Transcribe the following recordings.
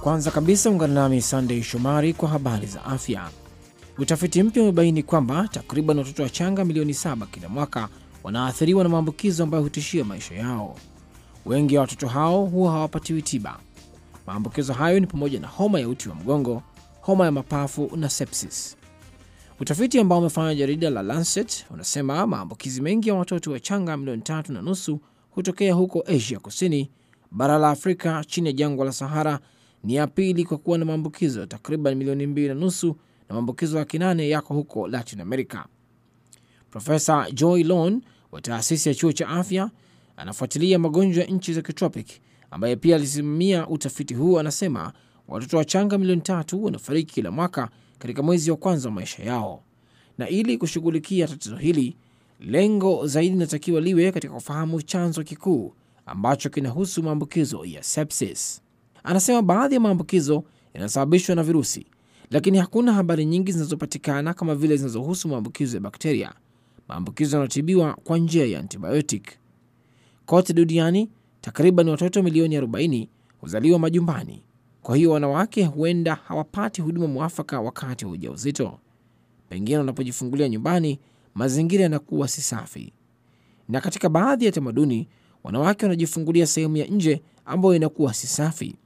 Kwanza kabisa ungana nami sandey Shomari kwa habari za afya. Utafiti mpya umebaini kwamba takriban watoto changa milioni saba kila mwaka wanaathiriwa na maambukizo ambayo hutishia maisha yao. Wengi wa watoto hao huwa hawapatiwi tiba. Maambukizo hayo ni pamoja na homa ya uti wa mgongo, homa ya mapafu na sepsis. Utafiti ambao umefanya jarida la Lancet unasema maambukizi mengi ya watoto changa milioni tatu na nusu hutokea huko Asia Kusini. Bara la Afrika chini ya jangwa la Sahara ni ya pili kwa kuwa na maambukizo, takriban milioni mbili na nusu, na maambukizo laki nane yako huko Latin America. Profesa Joy Lon wa taasisi ya chuo cha afya anafuatilia magonjwa ya nchi za kitropic, ambaye pia alisimamia utafiti huu, anasema watoto wachanga milioni tatu wanafariki kila mwaka katika mwezi wa kwanza wa maisha yao, na ili kushughulikia tatizo hili lengo zaidi linatakiwa liwe katika kufahamu chanzo kikuu ambacho kinahusu maambukizo ya sepsis. Anasema baadhi ya maambukizo yanasababishwa na virusi, lakini hakuna habari nyingi zinazopatikana kama vile zinazohusu maambukizo ya bakteria, maambukizo yanayotibiwa kwa njia ya antibiotic. Kote duniani takriban watoto milioni 40 huzaliwa majumbani, kwa hiyo wanawake huenda hawapati huduma mwafaka wakati wa uja uzito Pengine wanapojifungulia nyumbani mazingira yanakuwa si safi. Na katika baadhi ya tamaduni, wanawake wanajifungulia sehemu ya nje ambayo inakuwa si safi.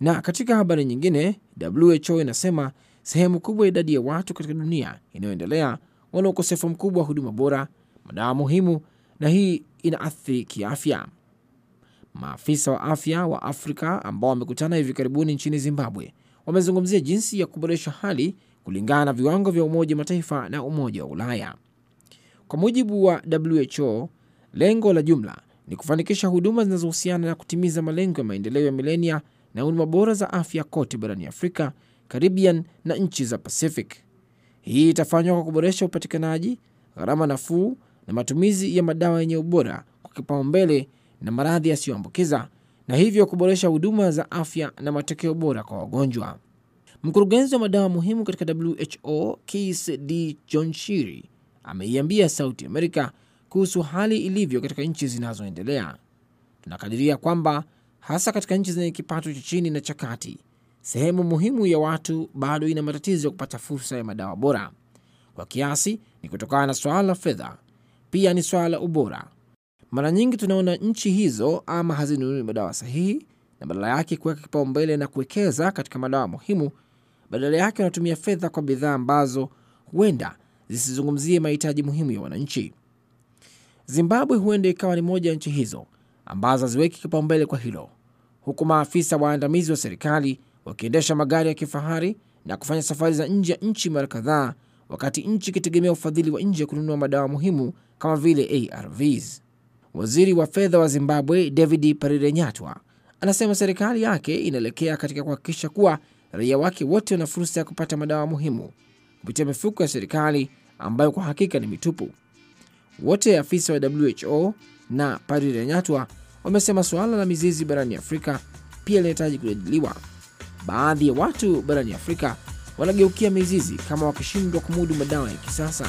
Na katika habari nyingine, WHO inasema sehemu kubwa ya idadi ya watu katika dunia inayoendelea wana ukosefu mkubwa wa huduma bora, madawa muhimu, na hii inaathiri kiafya. Maafisa wa afya wa Afrika ambao wamekutana hivi karibuni nchini Zimbabwe wamezungumzia jinsi ya kuboresha hali kulingana na viwango vya Umoja wa Mataifa na Umoja wa Ulaya. Kwa mujibu wa WHO, lengo la jumla ni kufanikisha huduma zinazohusiana na kutimiza malengo ya maendeleo ya milenia na huduma bora za afya kote barani Afrika, Caribbean na nchi za Pacific. Hii itafanywa kwa kuboresha upatikanaji, gharama nafuu na matumizi ya madawa yenye ubora kwa kipaumbele na maradhi yasiyoambukiza na hivyo kuboresha huduma za afya na matokeo bora kwa wagonjwa. Mkurugenzi wa madawa muhimu katika WHO Kis D Jonshiri ameiambia Sauti Amerika kuhusu hali ilivyo katika nchi zinazoendelea. Tunakadiria kwamba hasa katika nchi zenye kipato cha chini na cha kati, sehemu muhimu ya watu bado ina matatizo ya kupata fursa ya madawa bora. Kwa kiasi ni kutokana na swala la fedha, pia ni swala la ubora. Mara nyingi tunaona nchi hizo ama hazinunui madawa sahihi, na badala yake kuweka kipaumbele na kuwekeza katika madawa muhimu badala yake wanatumia fedha kwa bidhaa ambazo huenda zisizungumzie mahitaji muhimu ya wananchi. Zimbabwe huenda ikawa ni moja ya nchi hizo ambazo haziweki kipaumbele kwa hilo, huku maafisa waandamizi wa serikali wakiendesha magari ya kifahari na kufanya safari za nje ya nchi mara kadhaa, wakati nchi ikitegemea ufadhili wa nje kununua madawa muhimu kama vile ARVs. Waziri wa fedha wa Zimbabwe David Parirenyatwa anasema serikali yake inaelekea katika kuhakikisha kuwa raia wake wote wana fursa ya kupata madawa muhimu kupitia mifuko ya serikali ambayo kwa hakika ni mitupu. Wote afisa wa WHO na Padri Ranyatwa wamesema suala la mizizi barani Afrika pia linahitaji kujadiliwa. Baadhi ya watu barani Afrika wanageukia mizizi kama wakishindwa kumudu madawa ya kisasa.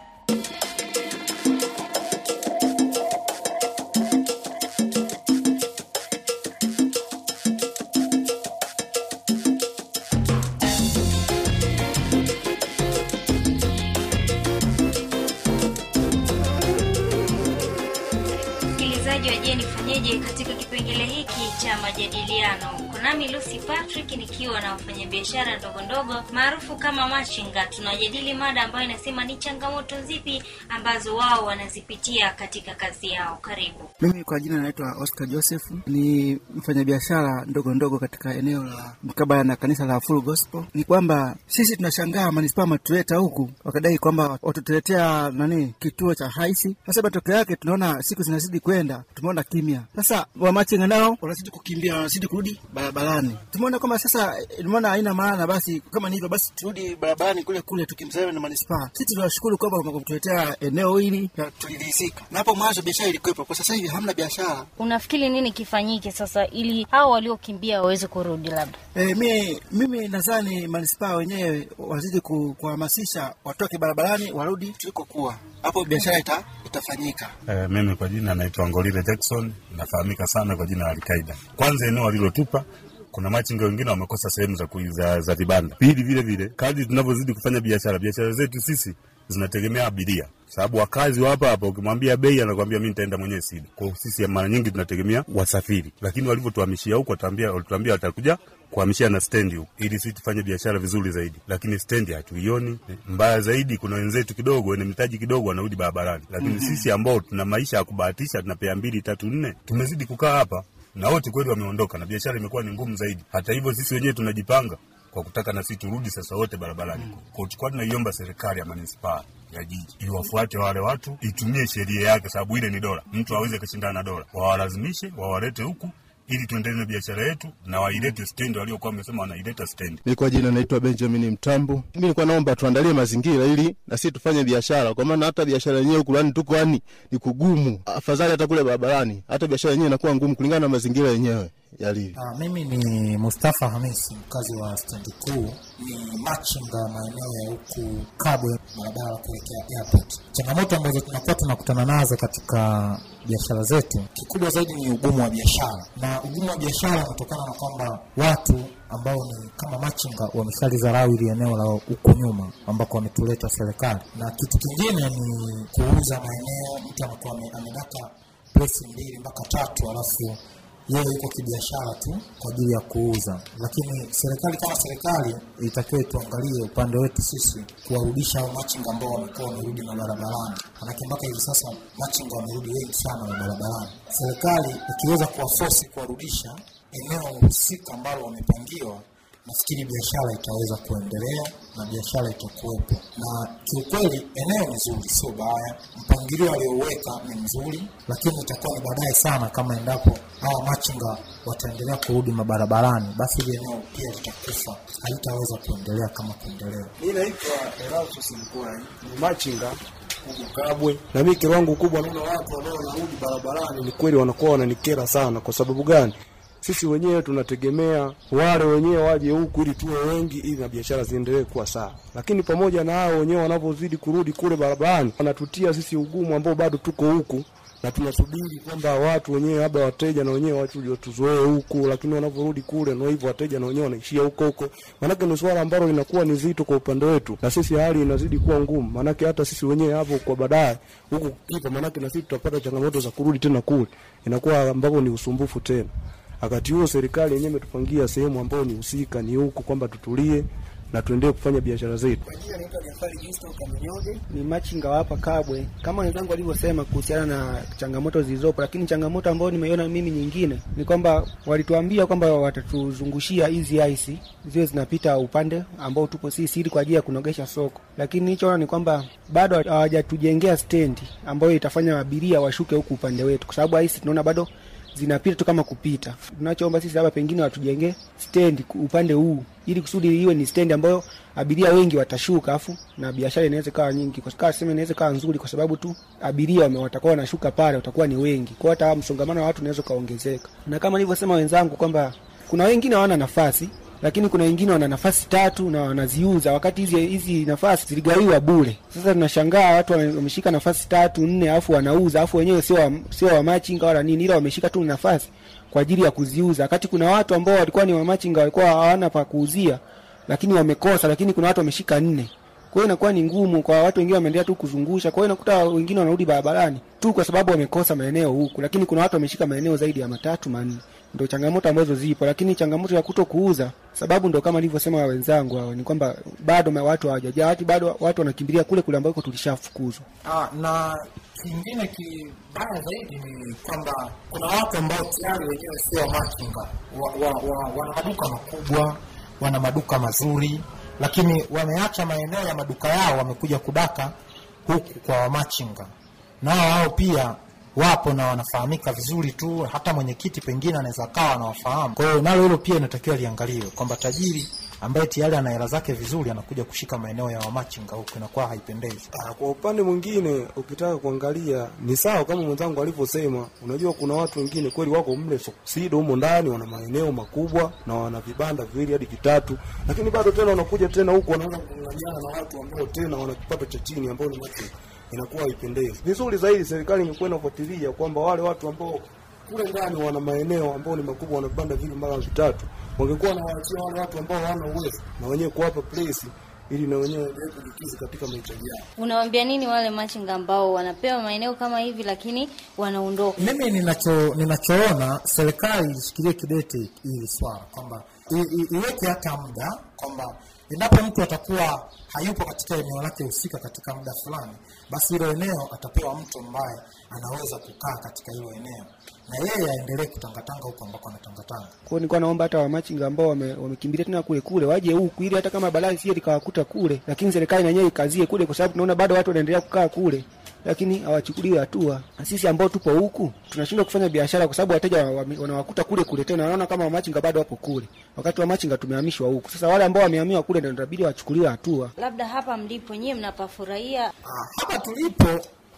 nifanyeje katika kipengele hiki cha majadiliano nami Lucy Patrick nikiwa na wafanyabiashara ndogo ndogo maarufu kama machinga. Tunajadili mada ambayo inasema ni changamoto zipi ambazo wao wanazipitia katika kazi yao. Karibu. Mimi kwa jina naitwa Oscar Joseph, ni mfanyabiashara ndogo ndogo katika eneo la mkabala na kanisa la Full Gospel. Ni kwamba sisi tunashangaa manispaa matuleta huku wakadai kwamba watutuletea nani kituo cha haisi. Sasa matokeo yake tunaona siku zinazidi kwenda, tumeona kimya. Sasa wamachinga nao wanazidi kukimbia, wanazidi kurudi barabarani. Tumeona kama sasa eh, tumeona haina maana, basi kama ni hivyo basi turudi barabarani kule kule, tukimsema na manispaa. Sisi tunashukuru kwamba mkutuletea eneo hili na tulidhisika. na hapo mwanzo biashara ilikuwepo, kwa sasa hivi hamna biashara. Unafikiri nini kifanyike sasa ili hao waliokimbia waweze kurudi? Labda e, eh, mimi mimi nadhani manispaa wenyewe wazidi kuhamasisha watoke barabarani warudi kuwa. hapo biashara ita kutafanyika? E, eh, mimi kwa jina naitwa Ngolile Jackson, nafahamika sana kwa jina la Alkaida. Kwanza eneo walilotupa kuna machinga wengine wamekosa sehemu za, za vibanda. Pili vile vile, kadri tunavyozidi kufanya biashara biashara zetu sisi zinategemea abiria, sababu wakazi wa hapa hapa ukimwambia bei anakwambia mi nitaenda mwenyewe sida. Kwa sisi mara nyingi tunategemea wasafiri, lakini walivyotuhamishia huko walituambia watakuja kuhamishia na stendi huku ili sisi tufanye biashara vizuri zaidi, lakini stendi hatuioni. Mbaya zaidi, kuna wenzetu kidogo wenye mitaji kidogo wanarudi barabarani, lakini mm -hmm. sisi ambao tuna maisha ya kubahatisha, tunapea mbili tatu nne, tumezidi kukaa hapa na wote kweli wameondoka, na biashara imekuwa ni ngumu zaidi. Hata hivyo, sisi wenyewe tunajipanga kwa kutaka na sisi turudi sasa wote barabarani mm. Kwa tulikuwa tunaiomba serikali ya manispaa ya jiji iwafuate wale watu, itumie sheria yake, sababu ile ni dola, mtu aweze kushindana na dola, wawalazimishe wawalete huku ili tuendelee na biashara yetu na wailete stendi waliokuwa wamesema wanaileta stendi. Mimi kwa jina naitwa Benjamin Mtambo. Mimi nilikuwa naomba tuandalie mazingira ili na sisi tufanye biashara, kwa maana hata biashara yenyewe huku ndani tuko yani ni kugumu. Afadhali hata kule barabarani, hata biashara yenyewe inakuwa ngumu kulingana na mazingira yenyewe yalivyo. Ah, mimi ni Mustafa Hamisi, mkazi wa stendi kuu, ni machinga maeneo ya huku Kabwe, barabara kuelekea airport. Changamoto ambazo tunakuwa tunakutana nazo katika biashara zetu, kikubwa zaidi ni ugumu wa biashara, na ugumu wa biashara unatokana na kwamba watu ambao ni kama machinga wameshalizarau ili eneo la huku nyuma ambako wametuleta serikali, na kitu kingine ni kuuza maeneo. Mtu anakuwa amedata plesi mbili mpaka tatu, alafu yeye iko kibiashara tu kwa ajili ya kuuza, lakini serikali kama serikali itakiwa tuangalie upande wetu sisi kuwarudisha hao machinga ambao wamekuwa wamerudi mabarabarani, manake mpaka hivi sasa machinga wamerudi wengi sana mabarabarani. Serikali ikiweza kuwafosi kuwarudisha eneo husika ambalo wamepangiwa nafikiri biashara itaweza kuendelea na biashara itakuwepo. Na kiukweli eneo ni zuri, sio baya, mpangilio alioweka ni mzuri, lakini itakuwa ni baadaye sana kama endapo hawa machinga wataendelea kurudi mabarabarani, basi hili eneo pia litakufa, halitaweza kuendelea kama kuendelea. Mi naitwa Erastus Mkwai, ni machinga Kabwe. Na mi kero wangu kubwa, naona watu narudi barabarani, ni kweli wanakuwa wananikera sana. Kwa sababu gani? sisi wenyewe tunategemea wale wenyewe waje huku ili tuwe wengi, ili na biashara ziendelee kuwa sawa. Lakini pamoja na hao wenyewe wanavyozidi kurudi kule barabarani, wanatutia sisi ugumu ambao bado tuko huku na tunasubiri kwamba watu wenyewe labda wateja na wenyewe watu ndio watuzoee huku, lakini wanavyorudi kule ndio hivyo, wateja na wenyewe wanaishia huko huko. Maanake ni swala ambalo linakuwa ni zito kwa upande wetu, na sisi hali inazidi kuwa ngumu, maanake hata sisi wenyewe hapo kwa baadaye huku kipo, maanake na sisi tutapata changamoto za kurudi tena kule, inakuwa ambapo ni usumbufu tena. Wakati huo serikali yenyewe imetupangia sehemu ambayo ni husika ni huku kwamba tutulie na tuendelee kufanya biashara zetu. Ni machinga hapa Kabwe, kama wenzangu walivyosema kuhusiana na changamoto zilizopo, lakini changamoto ambayo nimeiona mimi nyingine ni kwamba walituambia kwamba watatuzungushia hizi aisi ziwe zinapita upande ambao tupo sisi, ili kwa ajili ya kunogesha soko, lakini hicho ni kwamba bado hawajatujengea stendi ambayo itafanya abiria washuke huku upande wetu, kwa sababu aisi tunaona bado zinapita tu kama kupita. Tunachoomba sisi hapa, pengine watujengee stendi upande huu, ili kusudi iwe ni stendi ambayo abiria wengi watashuka, afu na biashara inaweza kawa nyingi, kwa sababu sema inaweza kawa nzuri, kwa sababu tu abiria watakuwa wanashuka pale, watakuwa ni wengi, kwa hata msongamano wa watu unaweza kaongezeka, na kama nilivyosema wenzangu kwamba kuna wengine hawana nafasi lakini kuna wengine wana nafasi tatu na wanaziuza, wakati hizi hizi nafasi ziligawiwa bure. Sasa tunashangaa watu wameshika nafasi tatu nne, alafu wanauza, alafu wenyewe sio sio wa machinga wala nini, ila wameshika tu nafasi kwa ajili ya kuziuza, wakati kuna watu ambao walikuwa ni wa wamachinga walikuwa hawana pa kuuzia, lakini wamekosa, lakini kuna watu wameshika nne kwa hiyo inakuwa ni ngumu kwa watu wengine, wameendelea tu kuzungusha. Kwa hiyo unakuta wengine wanarudi barabarani tu kwa sababu wamekosa maeneo huku, lakini kuna watu wameshika maeneo zaidi ya matatu manne ndo changamoto ambazo zipo, lakini changamoto ya kuto kuuza, sababu ndo kama livyosema wenzangu hao ni kwamba bado watu hawajaja bado watu wanakimbilia kule kule ambako tulishafukuzwa. Ah, na kingine kibaya zaidi ni kwamba kuna watu ambao tayari wenyewe sio machinga, wana wa, wa, wa, wa maduka makubwa, wana maduka mazuri, lakini wameacha maeneo ya maduka yao, wamekuja kudaka huku kwa wamachinga, nao wao pia wapo na wanafahamika vizuri tu, hata mwenyekiti pengine anaweza kawa anawafahamu. Kwa hiyo nalo hilo pia inatakiwa liangaliwe kwamba tajiri ambaye tayari ana hela zake vizuri anakuja kushika maeneo ya wamachinga huko, inakuwa haipendezi. Ah, kwa upande mwingine, ukitaka kuangalia ni sawa kama mwenzangu alivyosema, unajua kuna watu wengine kweli wako mle soksido humo ndani, wana maeneo makubwa na wana vibanda viwili hadi vitatu, lakini bado tena wanakuja tena huko wanaanza kuangaliana na watu ambao tena wana kipato cha chini ambao ni machinga inakuwa haipendezi. Vizuri zaidi serikali ingekuwa inafuatilia kwamba wale watu ambao kule ndani wana maeneo ambao ni makubwa wanapanda vile mara vitatu, wangekuwa wanawaachia wale watu ambao hawana uwezo na wenyewe kuwapa place ili na wenyewe waendelee kujikizi katika mahitaji yao. Unawaambia nini wale machinga ambao wanapewa maeneo kama hivi lakini wanaondoka? Mimi ninacho ninachoona serikali ishikilie kidete hili swala kwamba iweke hata muda kwamba Endapo mtu atakuwa hayupo katika eneo lake husika katika muda fulani, basi hilo eneo atapewa mtu ambaye anaweza kukaa katika hilo eneo na yeye aendelee kutangatanga huko ambako anatangatanga. Kwa hiyo nilikuwa naomba hata wamachinga ambao wamekimbilia tena kule kule waje huku, ili hata kama balaa sio likawakuta kule, lakini serikali na yenyewe ikazie kule, kwa sababu tunaona bado watu wanaendelea kukaa kule lakini hawachukuliwi hatua. Sisi ambao tupo huku tunashindwa kufanya biashara kwa sababu wateja wanawakuta kule kule tena, wanaona kama wamachinga bado wapo kule, wakati wamachinga tumehamishwa huku. Sasa wale ambao wamehamiwa kule ndio inabidi wachukuliwe hatua. Labda hapa mlipo nyie mnapafurahia ah, hapa tulipo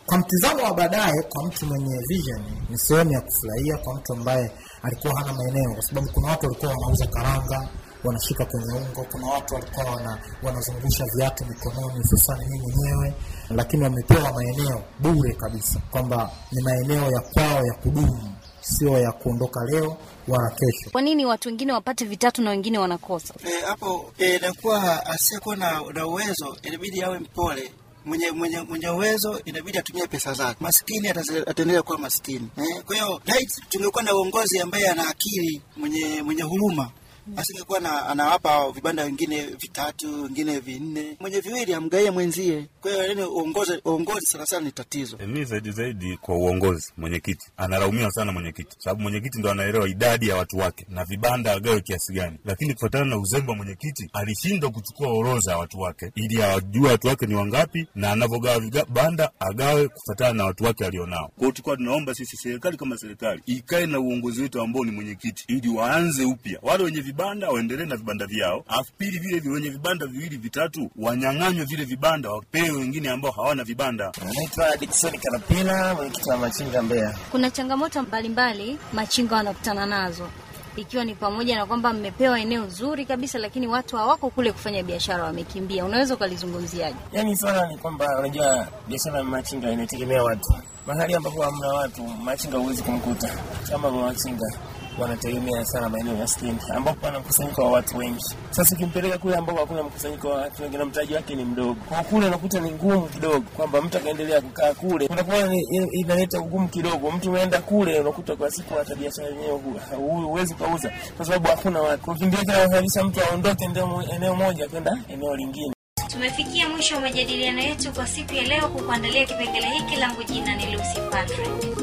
kwa mtizamo wa baadaye, kwa mtu mwenye vision ni sehemu ya kufurahia, kwa mtu ambaye alikuwa hana maeneo, kwa sababu kuna watu walikuwa wanauza karanga wanashika kwenye ungo. Kuna watu walikuwa wana, wanazungusha viatu mikononi, hususani mimi mwenyewe, lakini wamepewa maeneo bure kabisa, kwamba ni maeneo ya kwao ya kudumu, sio ya kuondoka leo wala kesho. Kwa nini watu wengine wapate vitatu na wengine wanakosa eh, hapo? E, inakuwa asiyekuwa na, na uwezo inabidi awe mpole mwenye mwenye mwenye uwezo inabidi atumie pesa zake. Maskini ataendelea kuwa maskini eh. Kwa hiyo tungekuwa na uongozi ambaye ana akili, mwenye mwenye huruma, asingekuwa na anawapa vibanda wengine vitatu wengine vinne, mwenye viwili amgaie mwenzie. Kwa hiyo yani uongozi, uongozi sana sana ni tatizo. Eh, mi zaidi zaidi kwa uongozi, mwenyekiti analaumiwa sana mwenyekiti, sababu mwenyekiti ndo anaelewa idadi ya watu wake na vibanda agawe kiasi gani, lakini kufuatana na uzembe wa mwenyekiti alishindwa kuchukua orodha ya watu wake ili awajue watu wake ni wangapi, na anavyogawa vibanda agawe kufuatana na watu wake alionao. Kwa hiyo tulikuwa tunaomba sisi serikali kama serikali ikae na uongozi wetu ambao ni mwenyekiti, ili waanze upya wale wenye vibanda waendelee na vibanda vyao, alafu pili vile wenye vibanda viwili vitatu wanyang'anywe vile vibanda, wapewe wengine ambao hawana vibanda. Naitwa Dickson Karapina, mwenyekiti wa machinga Mbeya. Kuna changamoto mbalimbali machinga wanakutana nazo ikiwa ni pamoja na kwamba mmepewa eneo zuri kabisa, lakini watu hawako kule kufanya biashara, wamekimbia. Unaweza ukalizungumziaje? Yani swala ni kwamba unajua biashara ya machinga inategemea watu. Mahali ambapo hamna watu, machinga huwezi kumkuta kama machinga wanategemea sana maeneo maskini ambapo pana mkusanyiko wa watu wengi. Sasa ukimpeleka kule ambao hakuna mkusanyiko wa watu wengi na mtaji wake ni mdogo, kwa kule unakuta ni ngumu kidogo, kwamba mtu akaendelea kukaa kule unakuwa inaleta ugumu kidogo. Mtu unaenda kule unakuta kwa siku hata biashara yenyewe huwezi kauza, kwa sababu hakuna watu. Ukimbilika kabisa mtu aondoke eneo moja kwenda eneo lingine. Tumefikia mwisho wa majadiliano yetu kwa siku ya leo. Kukuandalia kipengele hiki, langu jina ni Lucy Patrick.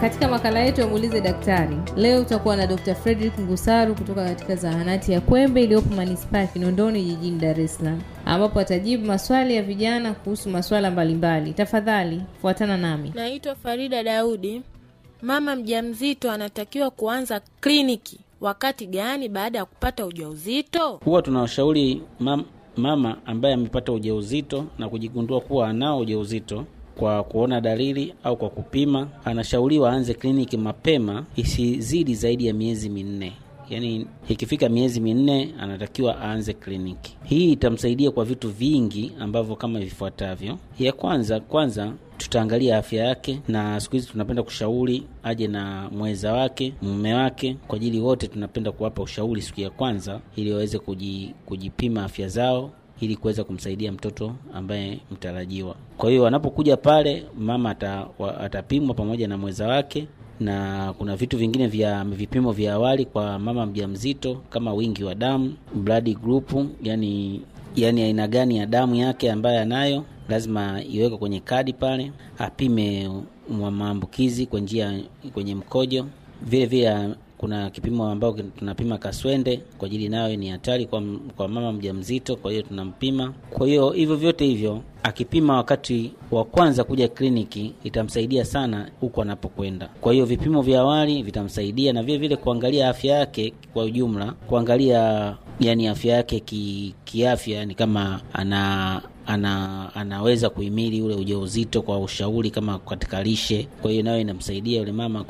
Katika makala yetu ya muulize daktari, leo utakuwa na Dr. Frederick Ngusaru kutoka katika zahanati ya Kwembe iliyopo manispaa ya Kinondoni jijini Dar es Salaam, ambapo atajibu maswali ya vijana kuhusu masuala mbalimbali. Tafadhali fuatana nami. Naitwa Farida Daudi. Mama mja mzito anatakiwa kuanza kliniki wakati gani baada ya kupata ujauzito? Huwa tunawashauri mama, mama ambaye amepata ujauzito na kujigundua kuwa anao ujauzito kwa kuona dalili au kwa kupima, anashauriwa aanze kliniki mapema, isizidi zaidi ya miezi minne. Yaani ikifika miezi minne anatakiwa aanze kliniki. Hii itamsaidia kwa vitu vingi ambavyo kama vifuatavyo. Ya kwanza kwanza tutaangalia afya yake, na siku hizi tunapenda kushauri aje na mweza wake, mume wake, kwa ajili wote tunapenda kuwapa ushauri siku ya kwanza, ili waweze kujipima afya zao ili kuweza kumsaidia mtoto ambaye mtarajiwa. Kwa hiyo wanapokuja pale, mama atapimwa pamoja na mweza wake na kuna vitu vingine vya vipimo vya awali kwa mama mjamzito kama wingi wa damu, blood group, yani yani aina gani ya damu yake ambayo anayo, lazima iwekwe kwenye kadi pale, apime maambukizi kwa njia kwenye mkojo, vile vile kuna kipimo ambao tunapima kaswende kwa ajili nayo ni hatari kwa, kwa mama mjamzito, kwa hiyo tunampima. Kwa hiyo hivyo vyote hivyo akipima wakati wa kwanza kuja kliniki itamsaidia sana huko anapokwenda. Kwa hiyo vipimo vya awali vitamsaidia na vile vile kuangalia afya yake kwa ujumla, kuangalia yani afya yake ki, kiafya, yani kama ana ana, anaweza kuhimili ule ujauzito kwa ushauri kama katika lishe. Kwa hiyo nayo inamsaidia yule mama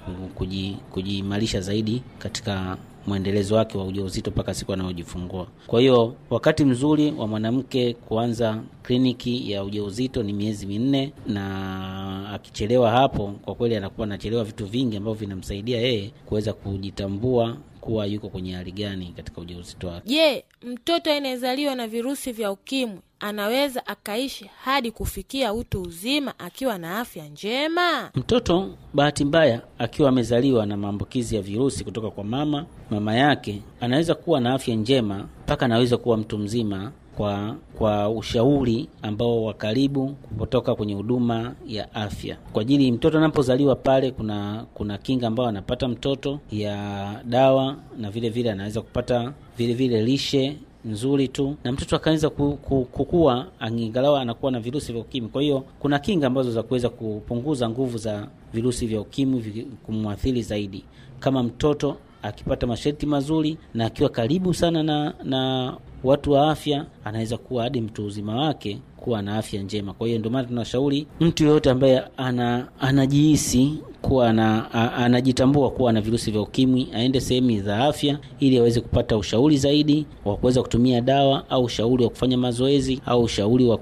kujiimarisha zaidi katika mwendelezo wake wa ujauzito mpaka siku anayojifungua. Kwa hiyo wakati mzuri wa mwanamke kuanza kliniki ya ujauzito ni miezi minne, na akichelewa hapo, kwa kweli anakuwa anachelewa vitu vingi ambavyo vinamsaidia yeye kuweza kujitambua kuwa yuko kwenye hali gani katika ujauzito wake. Je, mtoto anayezaliwa na virusi vya ukimwi anaweza akaishi hadi kufikia utu uzima akiwa na afya njema? Mtoto bahati mbaya akiwa amezaliwa na maambukizi ya virusi kutoka kwa mama mama yake, anaweza kuwa na afya njema mpaka anaweza kuwa mtu mzima kwa, kwa ushauri ambao wa karibu kutoka kwenye huduma ya afya kwa ajili mtoto anapozaliwa pale, kuna kuna kinga ambayo anapata mtoto ya dawa, na vile vile anaweza kupata vile vile lishe nzuri tu na mtoto akaweza kukua angalau anakuwa na virusi vya ukimwi. Kwa hiyo kuna kinga ambazo za kuweza kupunguza nguvu za virusi vya ukimwi kumwathiri zaidi, kama mtoto akipata masharti mazuri na akiwa karibu sana na, na watu wa afya, anaweza kuwa hadi mtu uzima wake kuwa na afya njema. Kwa hiyo ndio maana tunashauri mtu yoyote ambaye ana anajihisi kuwa na, anajitambua kuwa na virusi vya ukimwi aende sehemu za afya ili aweze kupata ushauri zaidi wa kuweza kutumia dawa au ushauri wa kufanya mazoezi au ushauri wa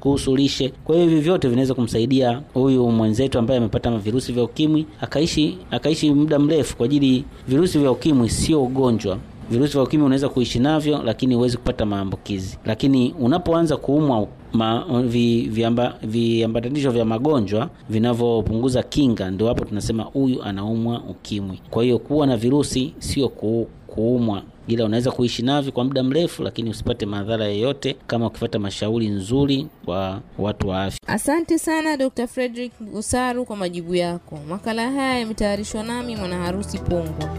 kuhusu lishe. Kwa hiyo hivi vyote vinaweza kumsaidia huyu mwenzetu ambaye amepata virusi vya ukimwi akaishi akaishi muda mrefu, kwa ajili virusi vya ukimwi sio ugonjwa virusi vya ukimwi unaweza kuishi navyo, lakini huwezi kupata maambukizi. Lakini unapoanza kuumwa ma, vi, viamba, viambatanisho vya magonjwa vinavyopunguza kinga, ndio hapo tunasema huyu anaumwa ukimwi. Kwa hiyo kuwa na virusi sio ku, kuumwa ila unaweza kuishi navyo kwa muda mrefu, lakini usipate madhara yoyote kama ukifata mashauri nzuri kwa watu wa afya. Asante sana Dr. Frederick Usaru kwa majibu yako. Makala haya yametayarishwa nami mwana harusi Pongwa.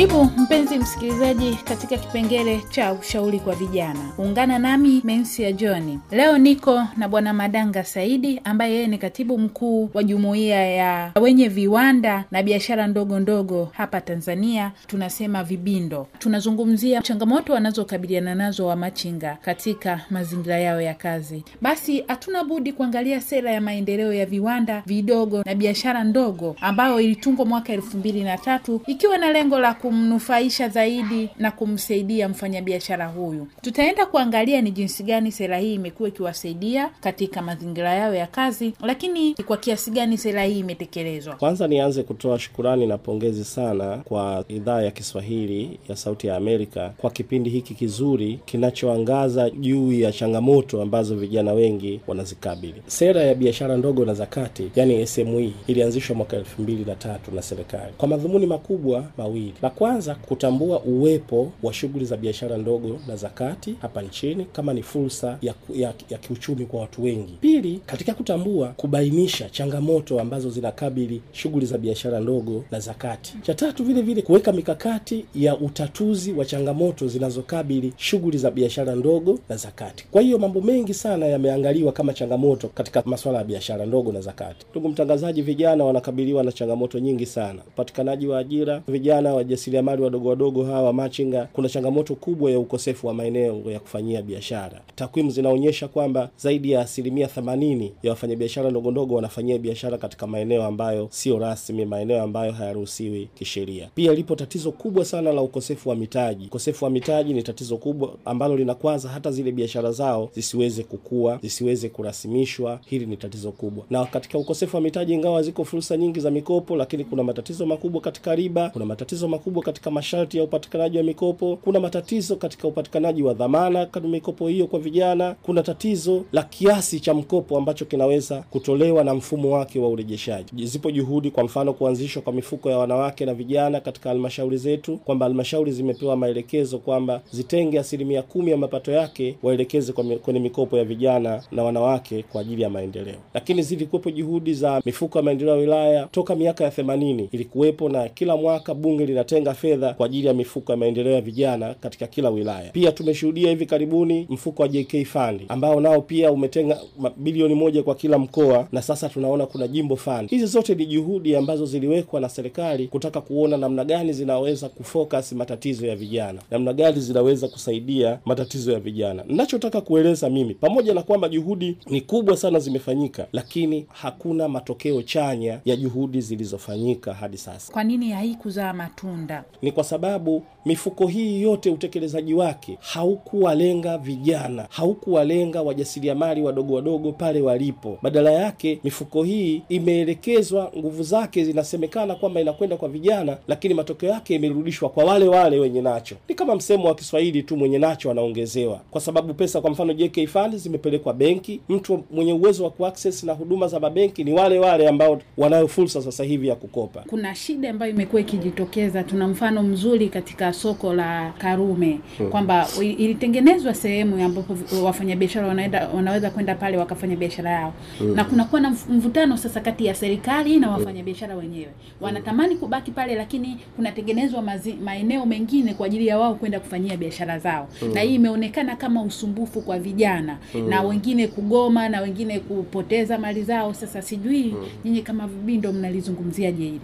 Karibu mpenzi msikilizaji, katika kipengele cha ushauri kwa vijana. Ungana nami Mensia johni Leo niko na Bwana Madanga Saidi ambaye yeye ni katibu mkuu wa jumuiya ya wenye viwanda na biashara ndogo ndogo hapa Tanzania, tunasema Vibindo. Tunazungumzia changamoto wanazokabiliana nazo wa machinga katika mazingira yao ya kazi. Basi hatuna budi kuangalia sera ya maendeleo ya viwanda vidogo na biashara ndogo ambayo ilitungwa mwaka elfu mbili na tatu ikiwa na lengo la ku kumnufaisha zaidi na kumsaidia mfanyabiashara huyu. Tutaenda kuangalia ni jinsi gani sera hii imekuwa ikiwasaidia katika mazingira yao ya kazi, lakini kwa kiasi gani sera hii imetekelezwa. Kwanza nianze kutoa shukurani na pongezi sana kwa idhaa ya Kiswahili ya Sauti ya Amerika kwa kipindi hiki kizuri kinachoangaza juu ya changamoto ambazo vijana wengi wanazikabili. Sera ya biashara ndogo na za kati, yani SME, ilianzishwa mwaka elfu mbili na tatu na serikali kwa madhumuni makubwa mawili. La kwanza kutambua uwepo wa shughuli za biashara ndogo na za kati hapa nchini kama ni fursa ya, ya, ya kiuchumi kwa watu wengi. Pili, katika kutambua kubainisha changamoto ambazo zinakabili shughuli za biashara ndogo na za kati. Cha tatu, vile vile kuweka mikakati ya utatuzi wa changamoto zinazokabili shughuli za biashara ndogo na za kati. Kwa hiyo mambo mengi sana yameangaliwa kama changamoto katika masuala ya biashara ndogo na za kati. Ndugu mtangazaji, vijana wanakabiliwa na changamoto nyingi sana, upatikanaji wa ajira, vijana wa wajasiriamali wadogo wadogo hawa machinga, kuna changamoto kubwa ya ukosefu wa maeneo ya kufanyia biashara. Takwimu zinaonyesha kwamba zaidi ya asilimia themanini ya wafanyabiashara ndogondogo wanafanyia biashara katika maeneo ambayo sio rasmi, maeneo ambayo hayaruhusiwi kisheria. Pia lipo tatizo kubwa sana la ukosefu wa mitaji. Ukosefu wa mitaji ni tatizo kubwa ambalo linakwaza hata zile biashara zao zisiweze kukua, zisiweze kurasimishwa. Hili ni tatizo kubwa, na katika ukosefu wa mitaji, ingawa ziko fursa nyingi za mikopo, lakini kuna matatizo makubwa katika riba, kuna matatizo makubwa makubwa katika masharti ya upatikanaji wa mikopo. Kuna matatizo katika upatikanaji wa dhamana kwa mikopo hiyo kwa vijana. Kuna tatizo la kiasi cha mkopo ambacho kinaweza kutolewa na mfumo wake wa urejeshaji. Zipo juhudi, kwa mfano kuanzishwa kwa mifuko ya wanawake na vijana katika halmashauri zetu, kwamba halmashauri zimepewa maelekezo kwamba zitenge asilimia kumi ya mapato yake waelekeze kwenye mikopo ya vijana na wanawake kwa ajili ya maendeleo. Lakini zilikuwepo juhudi za mifuko ya maendeleo ya wilaya toka miaka ya themanini, ilikuwepo na kila mwaka bunge linatenga kutenga fedha kwa ajili ya mifuko ya maendeleo ya vijana katika kila wilaya. Pia tumeshuhudia hivi karibuni mfuko wa JK Fund ambao nao pia umetenga bilioni moja kwa kila mkoa, na sasa tunaona kuna jimbo fund. Hizi zote ni juhudi ambazo ziliwekwa na serikali kutaka kuona namna gani zinaweza kufocus matatizo ya vijana, namna gani zinaweza kusaidia matatizo ya vijana. Ninachotaka kueleza mimi, pamoja na kwamba juhudi ni kubwa sana zimefanyika, lakini hakuna matokeo chanya ya juhudi zilizofanyika hadi sasa. Kwa nini haikuzaa matunda? Uganda. Ni kwa sababu mifuko hii yote utekelezaji wake haukuwalenga vijana, haukuwalenga wajasiriamali wadogo wadogo pale walipo. Badala yake mifuko hii imeelekezwa, nguvu zake zinasemekana kwamba inakwenda kwa vijana, lakini matokeo yake imerudishwa kwa wale wale wenye nacho. Ni kama msemo wa Kiswahili tu, mwenye nacho anaongezewa, kwa sababu pesa, kwa mfano JK Fund zimepelekwa benki. Mtu mwenye uwezo wa kuaccess na huduma za mabenki ni wale wale ambao wanayo fursa sasa hivi ya kukopa. Kuna shida ambayo imekuwa ikijitokeza tuna kuna mfano mzuri katika soko la Karume hmm. kwamba ilitengenezwa sehemu ambapo wafanyabiashara wanaenda wanaweza kwenda pale wakafanya biashara yao mm. na kunakuwa na mvutano sasa kati ya serikali na wafanyabiashara wenyewe, wanatamani kubaki pale, lakini kunatengenezwa maeneo mengine kwa ajili ya wao kwenda kufanyia biashara zao mm. na hii imeonekana kama usumbufu kwa vijana mm. na wengine kugoma na wengine kupoteza mali zao. Sasa sijui mm. nyinyi kama Vibindo mnalizungumziaje hili?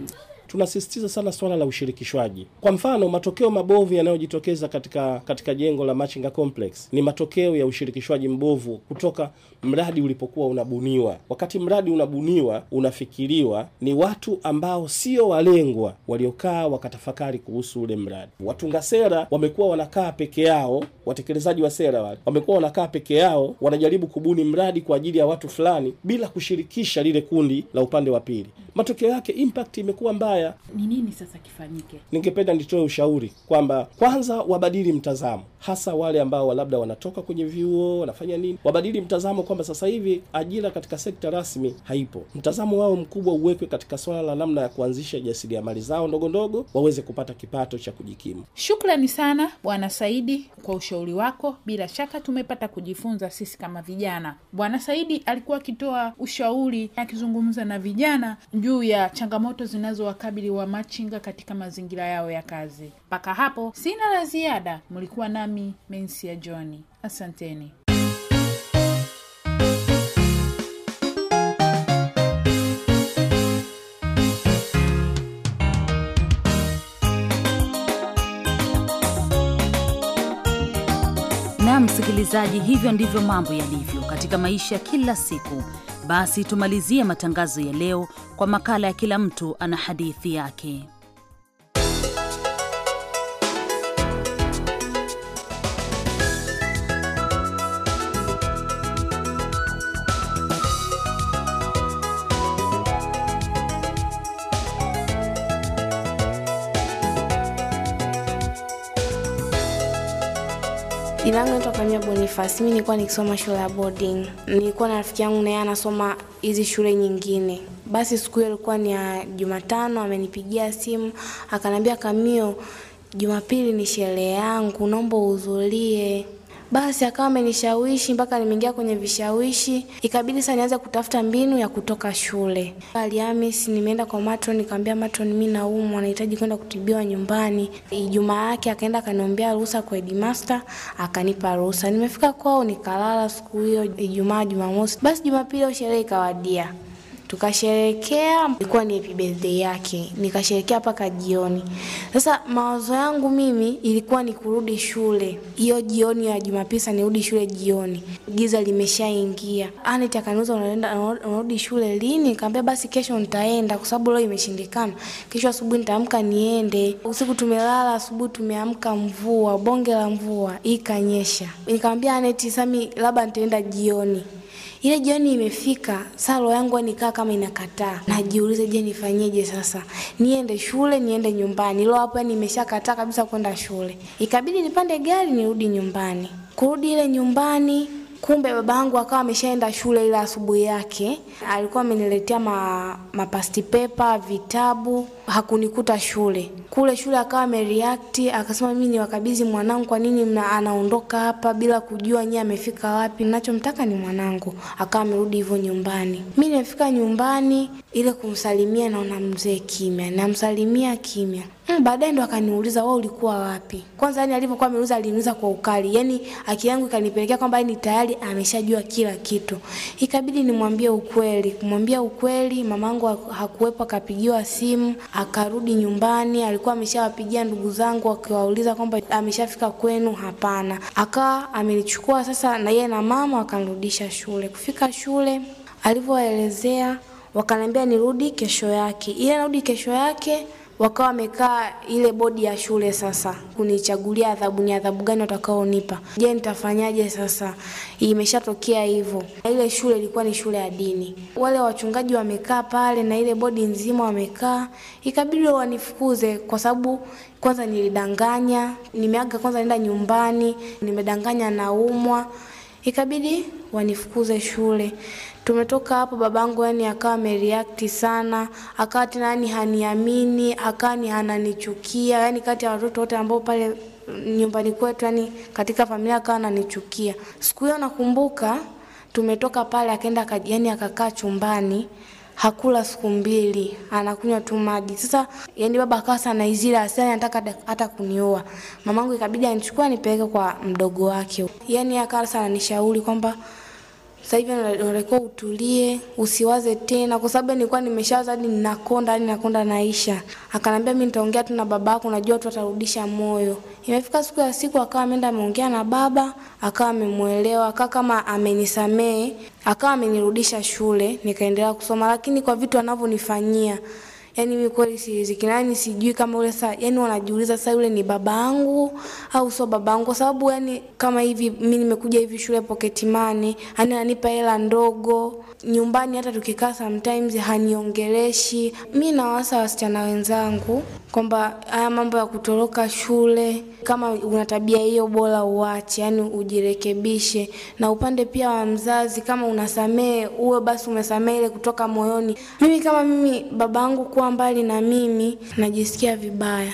tunasisitiza sana swala la ushirikishwaji. Kwa mfano, matokeo mabovu yanayojitokeza katika katika jengo la Machinga Complex ni matokeo ya ushirikishwaji mbovu kutoka mradi ulipokuwa unabuniwa. Wakati mradi unabuniwa, unafikiriwa, ni watu ambao sio walengwa waliokaa wakatafakari kuhusu ule mradi. Watunga sera wamekuwa wanakaa peke yao, watekelezaji wa sera wale wamekuwa wanakaa peke yao, wanajaribu kubuni mradi kwa ajili ya watu fulani bila kushirikisha lile kundi la upande wa pili. Matokeo yake impact imekuwa mbaya haya. Ni nini sasa kifanyike? Ningependa nitoe ushauri kwamba kwanza wabadili mtazamo, hasa wale ambao labda wanatoka kwenye vyuo wanafanya nini, wabadili mtazamo kwamba sasa hivi ajira katika sekta rasmi haipo. Mtazamo wao mkubwa uwekwe katika swala la namna ya kuanzisha jasiriamali zao ndogo ndogo, waweze kupata kipato cha kujikimu. Shukrani sana Bwana Saidi kwa ushauri wako, bila shaka tumepata kujifunza sisi kama vijana. Bwana Saidi alikuwa akitoa ushauri akizungumza na vijana juu ya changamoto zinazo ukabili wa machinga katika mazingira yao ya kazi. Mpaka hapo sina la ziada. Mlikuwa nami Mensia Johni, asanteni. Msikilizaji, hivyo ndivyo mambo yalivyo katika maisha kila siku. Basi tumalizie matangazo ya leo kwa makala ya kila mtu ana hadithi yake. Jina langu naitwa Kamia Boniface. Mimi nilikuwa nikisoma shule ya boarding. Nilikuwa na rafiki yangu naye anasoma hizi shule nyingine. Basi siku hiyo ilikuwa ni ya Jumatano, amenipigia simu akaniambia, Kamio, Jumapili ni sherehe yangu, naomba uhudhurie. Basi akawa amenishawishi mpaka nimeingia kwenye vishawishi, ikabidi sasa nianze kutafuta mbinu ya kutoka shule. Alhamisi nimeenda kwa Matron, nikamwambia Matron, mimi naumwa, nahitaji kwenda kutibiwa nyumbani. Ijumaa yake akaenda akaniombea ruhusa kwa headmaster, akanipa ruhusa. Nimefika kwao nikalala siku hiyo, Ijumaa Jumamosi. Basi Jumapili sherehe ikawadia tukasherekea, ilikuwa ni happy birthday yake, nikasherekea mpaka jioni. Sasa mawazo yangu mimi ilikuwa ni kurudi shule hiyo jioni ya Jumapili, nirudi shule jioni, giza limeshaingia. Anita akaniuliza unaenda, unarudi shule lini? Nikamwambia basi kesho nitaenda, kwa sababu leo imeshindikana. Kesho asubuhi nitaamka niende. Usiku tumelala, asubuhi tumeamka, mvua bonge la mvua ikanyesha. Nikamwambia Anita, sami labda nitaenda jioni. Ile jioni imefika, saa roho yangu nikaa kama inakataa. Najiuliza, je, nifanyeje sasa? Niende shule, niende nyumbani? ilo hapo yani imeshakataa kabisa kwenda shule. Ikabidi nipande gari nirudi nyumbani. Kurudi ile nyumbani Kumbe baba yangu akawa ameshaenda shule, ile asubuhi yake alikuwa ameniletea ma, mapasti pepa, vitabu. Hakunikuta shule kule shule akawa amereact akasema, mimi ni wakabidhi mwanangu, kwa nini anaondoka hapa bila kujua nyie amefika wapi? Ninachomtaka ni mwanangu. Akawa amerudi hivyo nyumbani. Mimi nimefika nyumbani ile kumsalimia, naona mzee kimya, namsalimia kimya. Mm, baadaye ndo akaniuliza wewe ulikuwa wapi? Kwanza yani alivyokuwa ameuliza aliniuliza kwa ukali. Yaani akili yangu ikanipelekea kwamba ni yaani tayari ameshajua kila kitu. Ikabidi nimwambie ukweli. Kumwambia ukweli mamangu hakuwepo akapigiwa simu, akarudi nyumbani alikuwa ameshawapigia ndugu zangu akiwauliza kwamba ameshafika kwenu, hapana. Akawa amenichukua sasa na yeye na mama wakanirudisha shule. Kufika shule alivyoelezea, wakaniambia nirudi kesho yake, ile narudi kesho yake wakawa wamekaa ile bodi ya shule sasa kunichagulia adhabu, ni adhabu gani watakaonipa. Je, nitafanyaje sasa? Imeshatokea hivyo, na ile shule ilikuwa ni shule ya dini. Wale wachungaji wamekaa pale na ile bodi nzima wamekaa, ikabidi wanifukuze kwa sababu kwanza nilidanganya, nimeaga kwanza nenda nyumbani, nimedanganya naumwa, ikabidi wanifukuze shule. Tumetoka hapo babangu yani akawa ameriact sana, akawa tena yani haniamini, akawa ni ananichukia, yani kati ya watoto wote ambao pale nyumbani kwetu yani katika familia akawa ananichukia. Siku hiyo nakumbuka tumetoka pale akaenda yani akakaa chumbani hakula siku mbili, anakunywa tu maji. Sasa yani baba akawa sana izira asili, yaani anataka hata kunioa. Mamangu ikabidi anichukua nipeleke kwa mdogo wake, yani akawa sana nishauri kwamba sasa hivi unatakiwa utulie, usiwaze tena, kwa sababu nilikuwa nimeshawaza hadi ninakonda hadi nakonda naisha. Akanambia mimi nitaongea tu na baba yako, unajua tu atarudisha moyo. Imefika siku ya siku, akawa ameenda ameongea na baba, akawa amemwelewa, akawa kama amenisamee, akawa amenirudisha shule, nikaendelea kusoma, lakini kwa vitu anavyonifanyia yani mimi kweli siwezekinani, sijui kama ule saa, yani wanajiuliza saa yule ni babangu au sio babangu, kwa sababu yani kama hivi mimi nimekuja hivi shule pocket money, yani ananipa hela ndogo nyumbani, hata tukikaa sometimes haniongeleshi. Mi nawasa wasichana wenzangu kwamba haya mambo ya kutoroka shule, kama una tabia hiyo, bora uache, yani ujirekebishe. Na upande pia wa mzazi, kama unasamehe, uwe basi umesamehe ile kutoka moyoni. Mimi kama mimi, babangu kuwa mbali na mimi, najisikia vibaya.